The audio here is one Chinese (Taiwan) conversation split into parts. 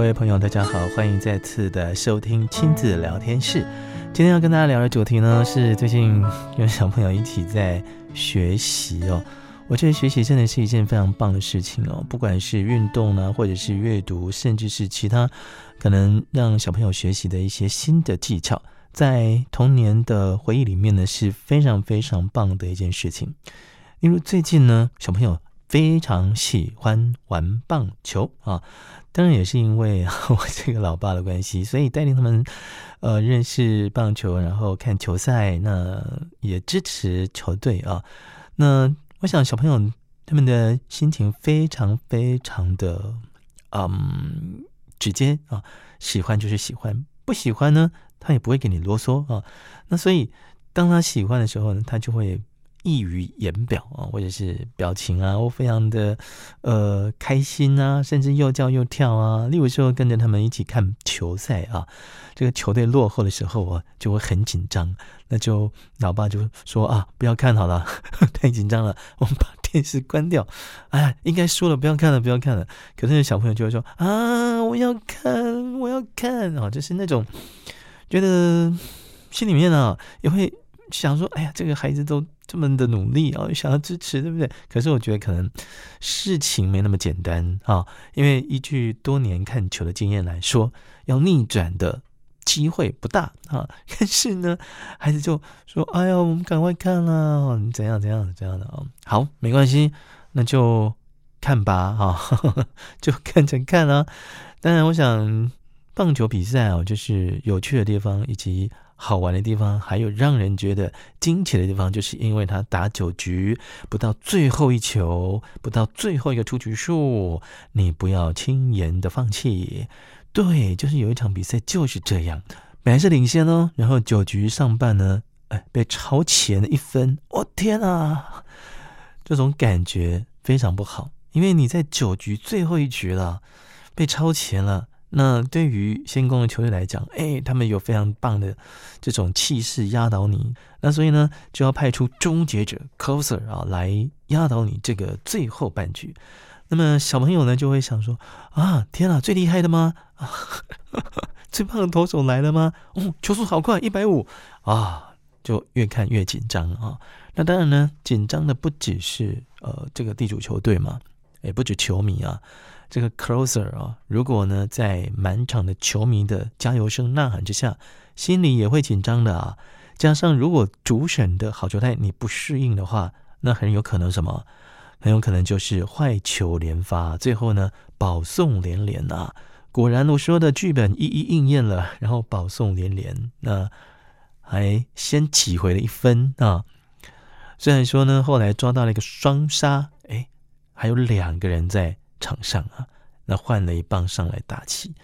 各位朋友，大家好，歡迎再次的收聽親子聊天室。今天要跟大家聊的主題呢，是最近跟小朋友一起在學習哦。我覺得學習真的是一件非常棒的事情哦，不管是運動呢、啊，或者是閱讀，甚至是其他可能讓小朋友學習的一些新的技巧，在童年的回憶裡面呢，是非常非常棒的一件事情。例如最近呢，小朋友非常喜歡玩棒球啊。當然也是因為我這個老爸的關係，所以帶領他們，呃，認識棒球，然後看球賽，那也支持球隊啊。那我想小朋友他們的心情非常非常的，嗯，直接啊，喜歡就是喜歡，不喜歡呢，他也不會給你囉嗦啊。那所以當他喜歡的時候呢，他就會。溢於言表啊，或者是表情啊，我非常的呃開心啊，甚至又叫又跳啊。例如說跟着他們一起看球賽啊，這個球隊落後的時候，啊，我就會很緊張。那就老爸就說啊，不要看好了，呵呵，太緊張了，我們把電視關掉。哎，應該輸了，不要看了，不要看了。可是那小朋友就會說啊，我要看，我要看啊，就是那種覺得心裡面啊也會。想說，哎呀，這個孩子都這麼的努力、哦、想要支持，對不對？可是我覺得可能事情沒那麼簡單啊、哦，因為依據多年看球的經驗來說，要逆轉的機會不大啊、哦。但是呢，孩子就說：“哎呀，我們趕快看啦，哦、怎樣怎樣怎樣的。”好，沒關係，那就看吧，哈、哦，就看成看啦、啊。當然，我想棒球比賽、哦、就是有趣的地方以及。好玩的地方，還有讓人覺得驚奇的地方，就是因為他打九局，不到最後一球，不到最後一個出局數，你不要輕言的放棄。對，就是有一場比賽就是這樣，本來是領先哦，然後九局上半呢，哎，被超前了一分，我、哦、天吶。這種感覺非常不好，因為你在九局最後一局了，被超前了。那對於先攻的球隊來講，哎、欸，他們有非常棒的這種氣勢壓倒你，那所以呢，就要派出終結者 closer 啊來壓倒你這個最後半局。那麼小朋友呢就會想說啊，天吶，最厲害的嗎？啊呵呵，最棒的投手來了嗎？哦，球速好快，一百五啊，就越看越緊張啊、哦。那當然呢，緊張的不只是呃這個地主球隊嘛。也不止球迷啊，這個 closer 啊，如果呢在滿場的球迷的加油聲吶喊之下，心裡也會緊張的啊。加上如果主審的好球帶你不適應的話，那很有可能什麼？很有可能就是壞球連發，最後呢保送連連啊。果然我說的劇本一一應驗了，然後保送連連，那還先擠回了一分啊。雖然說呢，後來抓到了一個雙殺。還有兩個人在場上啊，那換了一棒上來打氣，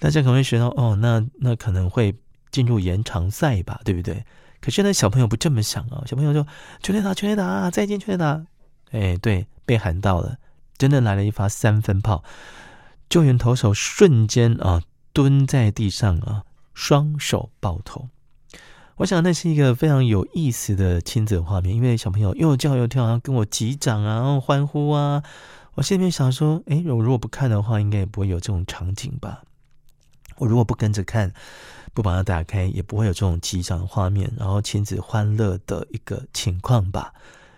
大家可能會覺得哦，那那可能會進入延長賽吧，對不對？可是呢，小朋友不這麼想啊，小朋友就全力打，全力打，再進全力打，哎，對，被喊到了，真的來了一發三分炮，救援投手瞬間啊蹲在地上啊，雙手抱頭。我想那是一個非常有意思的親子畫面，因為小朋友又叫又跳啊，然後跟我擊掌啊，然後歡呼啊。我心裡面想說：哎、欸，我如果不看的話，應該也不會有這種場景吧？我如果不跟着看，不把它打開，也不會有這種擊掌畫面，然後親子歡樂的一個情況吧？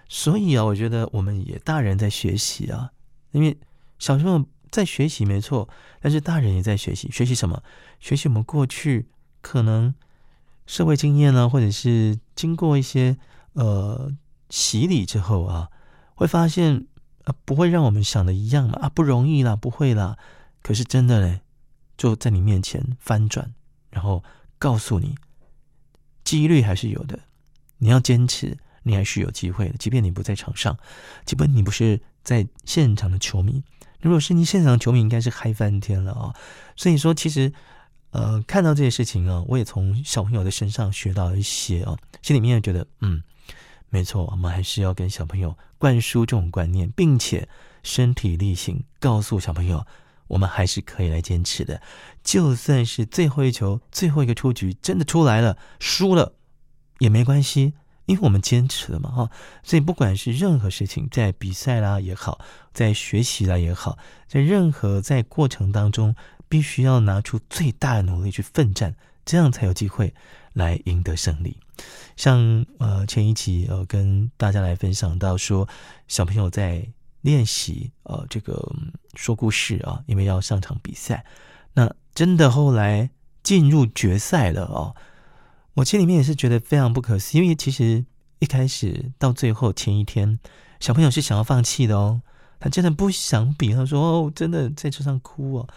所以啊，我覺得我們也大人在學習啊，因為小朋友在學習沒錯，但是大人也在學習，學習什麼？學習我們過去可能。社會經驗呢，或者是經過一些呃洗禮之後啊，會發現啊，不會讓我們想的一樣嘛，啊不容易啦，不會啦。可是真的嘞，就在你面前翻轉，然後告訴你，幾率還是有的。你要堅持，你還是有機會的。即便你不在場上，即便你不是在現場的球迷，如果是你現場的球迷，應該是嗨翻天了啊、哦。所以說，其實。呃，看到這些事情啊，我也從小朋友的身上學到了一些啊，心裡面覺得，嗯，沒錯，我們還是要跟小朋友灌輸這種觀念，並且身體力行，告訴小朋友，我們還是可以來堅持的。就算是最後一球，最後一個出局真的出來了，輸了也沒關係，因為我們堅持了嘛，啊，哈。所以不管是任何事情，在比賽啦也好，在學習啦也好，在任何在過程當中，必須要拿出最大的努力去奮戰，這樣才有機會來贏得勝利。像呃前一期呃跟大家來分享到說，小朋友在練習呃這個說故事啊，因為要上場比賽。那真的後來進入決賽了哦，我心裡面也是覺得非常不可思議，因為其實一開始到最後前一天，小朋友是想要放棄的哦，他真的不想比，他說哦真的在車上哭哦。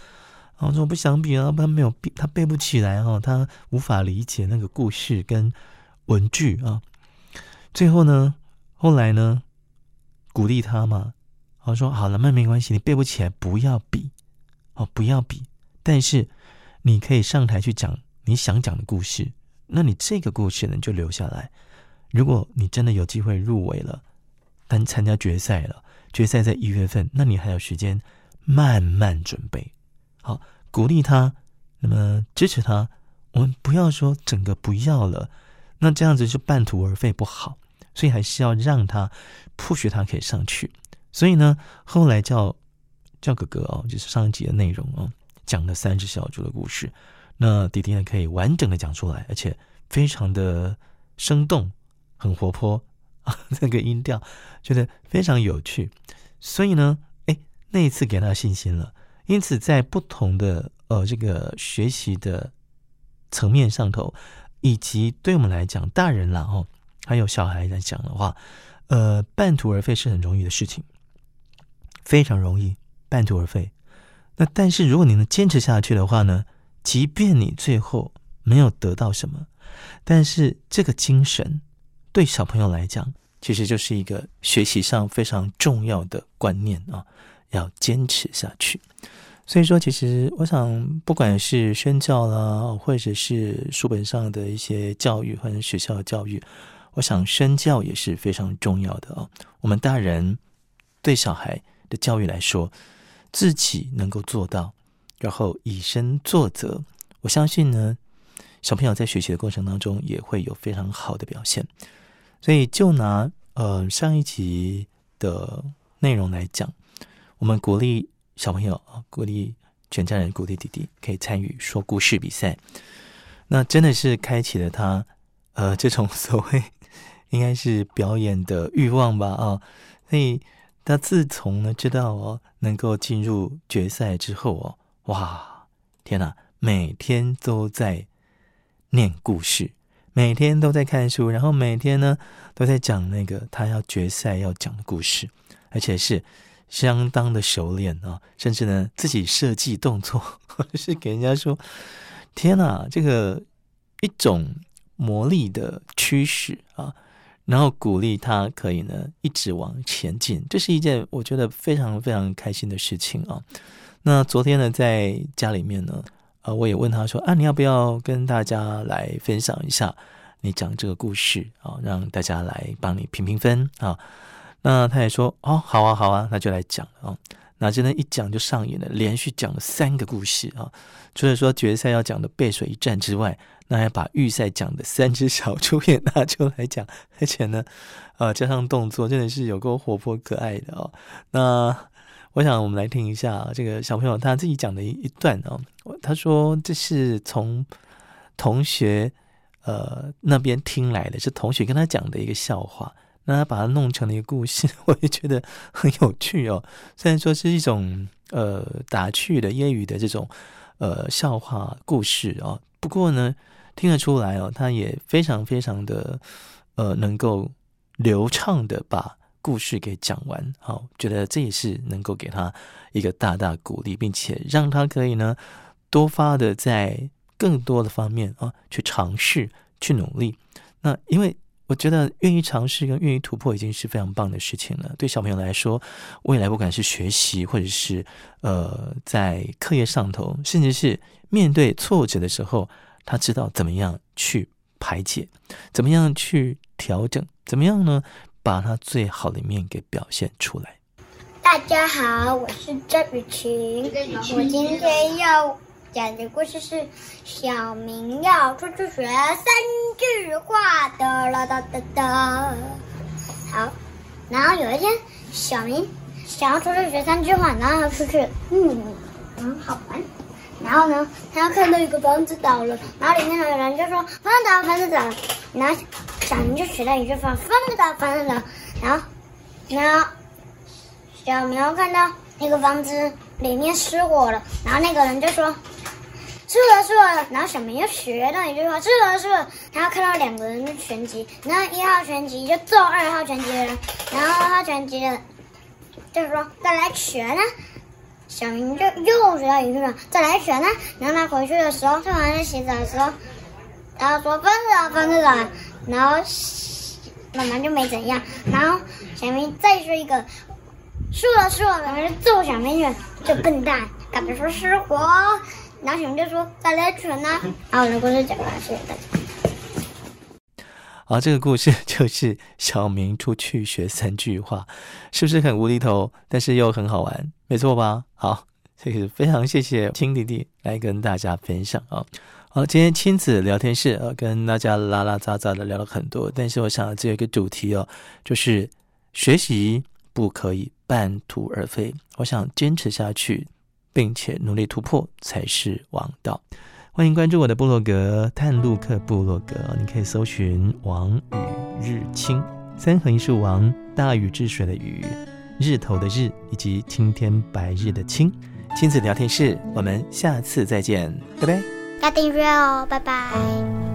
然後說我不想比啊，他沒有，他背不起來哦，他無法理解那個故事跟文句啊。最後呢，後來呢，鼓勵他嘛。然後說好了，那沒關係，你背不起來不要比哦，不要比。但是你可以上台去講你想講的故事。那你這個故事呢，就留下來。如果你真的有機會入圍了，但參加決賽了，決賽在一月份，那你還有時間慢慢準備。好，鼓勵他，那麼支持他，我們不要說整個不要了，那這樣子就半途而廢不好，所以還是要讓他，push 他可以上去。所以呢，後來叫叫哥哥哦，就是上一集的內容哦，講了三隻小豬的故事，那弟弟呢可以完整的講出來，而且非常的生動，很活潑啊，那個音調覺得非常有趣，所以呢，哎，那一次給他信心了。因此，在不同的呃這個學習的層面上頭，以及對我們來講，大人啦，哦，還有小孩來講的話，呃，半途而廢是很容易的事情，非常容易半途而廢。那但是，如果你能堅持下去的話呢，即便你最後沒有得到什麼，但是這個精神對小朋友來講，其實就是一個學習上非常重要的觀念啊。哦要堅持下去。所以說，其實我想，不管是言教啦，或者是書本上的一些教育，或者學校的教育，我想身教也是非常重要的啊、哦。我們大人對小孩的教育來說，自己能夠做到，然後以身作則，我相信呢，小朋友在學習的過程當中也會有非常好的表現。所以，就拿呃上一集的內容來講。我們鼓勵小朋友啊，鼓勵全家人，鼓勵弟弟可以參與說故事比賽。那真的是開啟了他呃這種所謂應該是表演的慾望吧啊！所以他自從呢知道哦能夠進入決賽之後哦，哇天哪，每天都在念故事，每天都在看書，然後每天呢都在講那個他要決賽要講的故事，而且是。相當的熟練啊，甚至呢自己設計動作，是給人家說：“天哪，這個一種魔力的驅使啊！”然後鼓勵他可以呢一直往前進，這是一件我覺得非常非常開心的事情啊。那昨天呢，在家裡面呢，啊，我也問他說：“啊，你要不要跟大家來分享一下你講這個故事啊？讓大家來幫你評評分啊？”那他也說哦，好啊，好啊，那就來講啊、哦。那真的，一講就上癮了，連續講了三個故事啊、哦。除了說決賽要講的背水一戰之外，那還把預賽講的三隻小豬也拿出來講，而且呢，啊、呃，加上動作真的是有夠活潑可愛的哦。那我想我們來聽一下這個小朋友他自己講的一一段哦。他說這是從同學呃那邊聽來的，是同學跟他講的一個笑話。那他把它弄成了一個故事，我也覺得很有趣哦。雖然說是一種呃打趣的、揶揄的這種呃笑話故事哦，不過呢聽得出來哦，他也非常非常的呃能夠流暢的把故事給講完。好、哦，覺得這也是能夠給他一個大大鼓勵，並且讓他可以呢多發的在更多的方面啊去嘗試去努力。那因為。我覺得願意嘗試跟願意突破已經是非常棒的事情了。對小朋友來說，未來不管是學習或者是呃在課業上頭，甚至是面對挫折的時候，他知道怎麼樣去排解，怎麼樣去調整，怎麼樣呢把他最好的一面給表現出來。大家好，我是張雨晴，這個，我今天要。講的故事是小明要出去學三句話的啦噠噠噠。好，然後有一天小明想要出去學三句話，然後出去嗯嗯很好玩。然後呢，他要看到一個房子倒了，然後裡面有人就說房子倒，房子倒了。子倒了，然後小明就學了一句話：房子倒，房子倒。然後然後小明要看到那個房子裡面失火了，然後那個人就說。輸了是了，然後小明又學到一句話，輸了是了。他看到兩個人的拳擊，然後一號拳擊就揍二號拳擊的人，然後二號拳擊的人就說再來拳呢、啊。小明就又學到一句話，再來拳呢、啊。然後他回去的時候，穿完了洗澡的時候，然後說笨死了笨死了。然後媽媽就沒怎樣。然後小明再說一個輸了輸了，然後就揍小明去，這笨蛋，敢別說失火。然後就說再來一次呢。我的故事講完，謝謝大家。好，這個故事就是小明出去學三句話，是不是很無厘頭？但是又很好玩，沒錯吧？好，這個非常謝謝親弟弟來跟大家分享啊、哦。好，今天親子聊天室啊、呃，跟大家拉拉雜雜的聊了很多，但是我想這個主題哦，就是學習不可以半途而廢。我想堅持下去。並且努力突破才是王道。歡迎關注我的部落格“探路客部落格”，你可以搜尋“王禹日清”、“三橫一豎王”、“大禹治水的禹”、“日頭的日”以及“青天白日的青”。親子聊天室，我們下次再見，拜拜。要訂閱哦，拜拜。